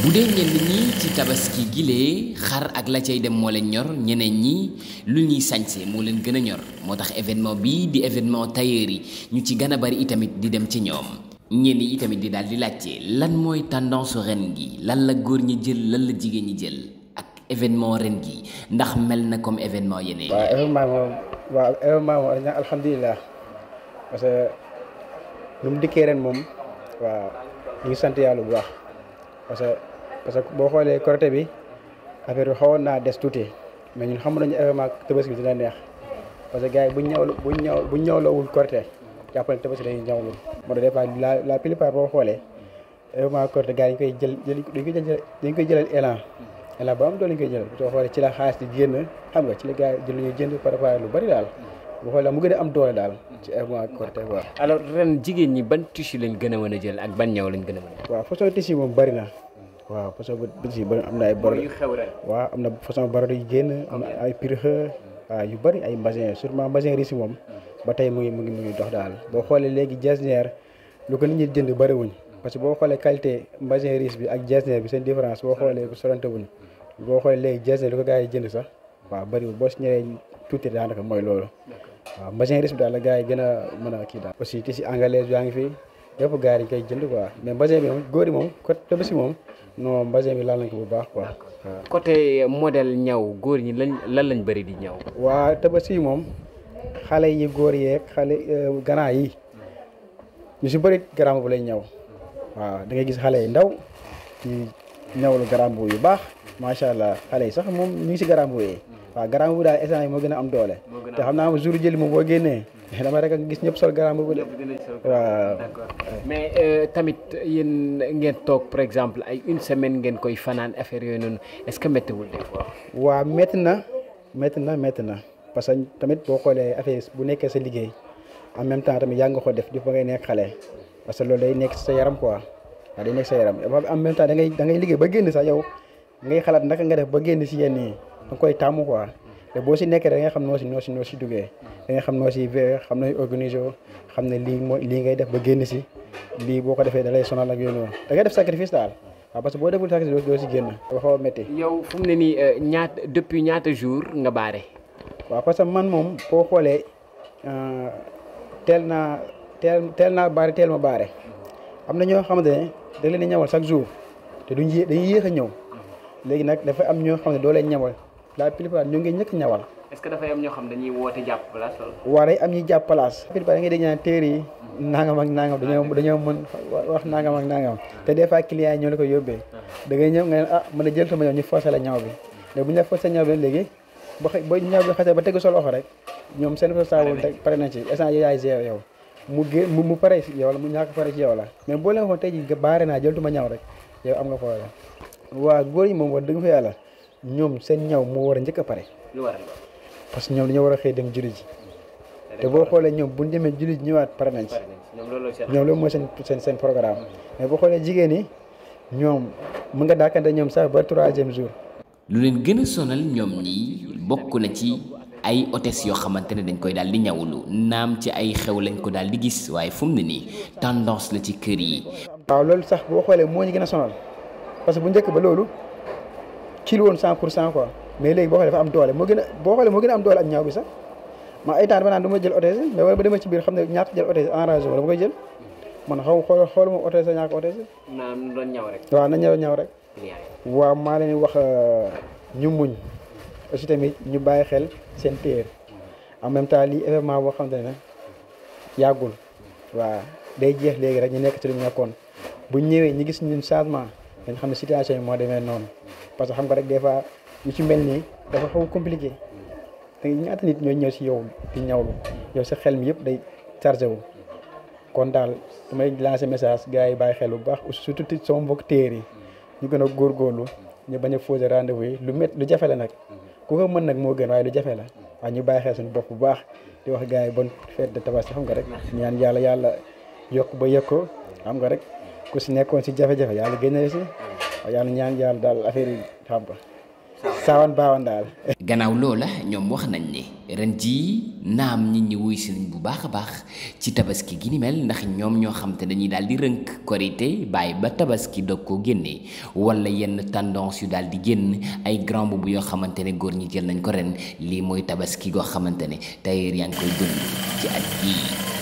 bu dee ñenn ñi ci tabaski gilee xar ak la cay dem moo leen ñor ñeneen ñi lu ñuy sañse moo leen gën a ñor moo tax événement bi di événement tailleur yi ñu ci gën a bari itamit di dem ci ñoom ñenn yi itamit di daal di laajte lan mooy tendance ren gi lan la góor ñi jël lan la jigéen ñi jël ak événement ren gi ndax mel na comme événement yeneen. waaw événement moom waaw événement moom alhamdulilah parce que nu mu dikkee ren moom waaw ñu ngi sant yàlla bu baax parce parce que boo xoolee Korité bi affaire bi xawoon naa des tuuti mais ñun xam nañu événement tabaski bi dina neex parce que gars yi buñ ñawlu buñ ñaw buñ ñawlawul Korité jàpp ne tabaski dañuy ñawlu moo tax des la la plupart boo xoolee événement Korité gars yi dañ koy jël koy jël dañ koy jëlal élan xoolee ci la xaalis di génn xam nga ci la gars yi jël ñuy jënd par rapport lu bari daal bu xoolee mu gën a am doole daal ci événement Korité quoi alors ren jigéen ñi ban tissu lañ gën a mën ak ban ñaw lañ gën a mën a waaw façon tissu na waaw parce que bés am na ay bor waaw am na façon baro yu génn am na ay pirixe waaw yu bari ay mbasin sûrement mbasin risi moom ba tey mu ngi mu ngi mu ngi dox daal boo xoolee léegi jasnière lu ko nit ñi jënd bëriwuñ parce que boo xoolee qualité mbasin riche bi ak jasnière bi seen différence boo xoolee sorante wuñ boo xoolee léegi lu ko gars yi jënd sax waaw bëriwul boo si ñëwee tuuti daanaka mooy loolu waaw mbasin riche bi daal la gars yi gën a mën a kii daal aussi tissu anglaise yaa ngi fi yëpp gars yi dañ koy jënd quoi mais basin bi moom góor moom côté bési moom non basin bi laal nañ ko bu baax ko coté model ñaw góor ñi lañ lan lañ bari di ñaw. waa tabaski moom xale yi góor yeeg xale euh, ganaar yi ñu si bëri garambu lay ñaw waaw da ngay gis xale yi ndaw ci ñawlu garambu yu baax macha allah xale yi sax moom ñu ngi si garambu yi. waaw garambu daal instant yi moo gën a am doole. te xam naa jour jëli moom boo génnee. dama rek ak gis ñëpp sol garaam bu de waaw mais euh, tamit yéen ngeen toog par exemple ay une semaine ngeen koy fanaan affaire yooyu noonu est ce que méttiwul des fois waaw na métti na métti na parce que tamit boo xoolee affaire bu nekkee sa liggéey en même temps tamit yaa nga ko def di ba ngay nekk xale parce que loolu day nekk sa yaram quoi waaw day nekk sa yaram en da ngay da ngay liggéey ba génn sax yow ngay xalaat naka nga def ba génn si yenn yi da nga koy taamu quoi te boo si nekkee da nga xam noo si noo si noo si duggee da nga xam noo si ve xam nooy organisé woo xam ne lii mooy lii ngay def ba génn si lii boo ko defee da lay sonal ak yooyu noonu da ngay def sacrifice daal waaw parce que boo deful sacrifice doo si génn dafa xaw a métti yow fu mu ne nii euh, ñaat depuis ñaata jour nga baare waaw parce que man moom boo xoolee euh, teel naa teel teel naa baare teel ma baare am na ñoo xamante ne da leen di chaque jour te duñ dañuy yéex a ñëw léegi nag dafa am ñoo xam ne doo leen ñawal la plupart ñu ngi ñëkk ñawal. est que dafay am ñoo xam dañuy woote jàpp place wala. waa day am ñuy jàpp place. la plupart ah, dañoo mën wax nangam ak nangam te des fois client yi ñoo la ko yóbbee. da ngay ñëw nga ne ah man de jël sama ñëw ñu forcé la ñaw bi léegi bu ba sa loxo rek ñoom seen responsable teg pare nañ ci essence mu gé mu pare ci la mu ñàkk pare ci yow la mais boo leen waxoon tey naa jëltuma ñaw rek yow am nga foofu la waa góor yi moom wax dëgg yàlla ñoom seen ñaw moo war a njëkk a pare. lu war parce que war a xëy dem julli ji. te boo xoolee ñoom bu ñu demee julli ji ñëwaat pare nañ ci. ñoom loolu mooy seen seen seen programme. Mm-hmm. mais boo xoolee jigéen ñi ñoom mun nga daakante ñoom sax ba troisième jour. lu leen gën a sonal ñoom ñi bokk na ci ay hôtesse yoo xamante ne dañ koy daal di ñawlu naam ci ay xew lañ ko daal di gis waaye fu mu ne nii tendance la ci kër yi. waaw loolu sax boo xoolee moo ñu gën a sonal parce kii la woon cent pour cent quoi mais léegi boo xoolee dafa am doole moo gën a boo moo am doole ak ñaaw bi sax ma ay temps dama naan du ma jël otese mais wala ba biir xam ne ñaata jël otese enragé wala ma koy jël man xaw xool xoolu moom otese ñaaka otese na doon ñaw rek waaw na ñaw ñaw rek waaw maa leen wax euh, ñu muñ aussi tamit ñu bàyyi xel seen téer en même temps lii événement boo xam ne ne yàggul waaw day jeex léegi rek ñu nekk ci lu ñu nekkoon bu ñëwee ñu gis ñun changement dañ xam ne situation yi moo demee noonu parce que xam nga rek des yu ci mel nii dafa xaw a compliqué te ñaata nit ñooy ñëw si yow di ñawlu yow sa xel mi yëpp day chargé wu kon daal damay lancé message gars yi bàyyi xel bu baax surtout ci sama mbokk téer yi ñu gën a góorgóorlu ñu bañ a fausé rendez-vous yi lu met lu jafe la nag ku ko mën nag moo gën waaye lu jafe la waaye ñu bàyyi xel suñu bopp bu baax di wax gars yi bonne fête de tabaski xam nga rek ñaan yàlla yàlla yokk ba yokk xam nga rek ku si nekkoon si jafe-jafe yàlla génne si waaye yàlla ñaan yàlla daal affaire yi xam nga daal. gannaaw loola ñoom wax nañ ni ren jii naam nit ñi wuy si nañ bu baax a baax ci tabaski gi ni mel ndax ñoom ñoo xam te dañuy daal di rënk korité bàyyi ba tabaski dog koo génnee walla yenn tendance yu daal di génn ay grand boubou yoo xamante ne góor ñi jël nañ ko ren lii mooy tabaski goo xamante ne tailleur yaa ngi koy dund ci at yii.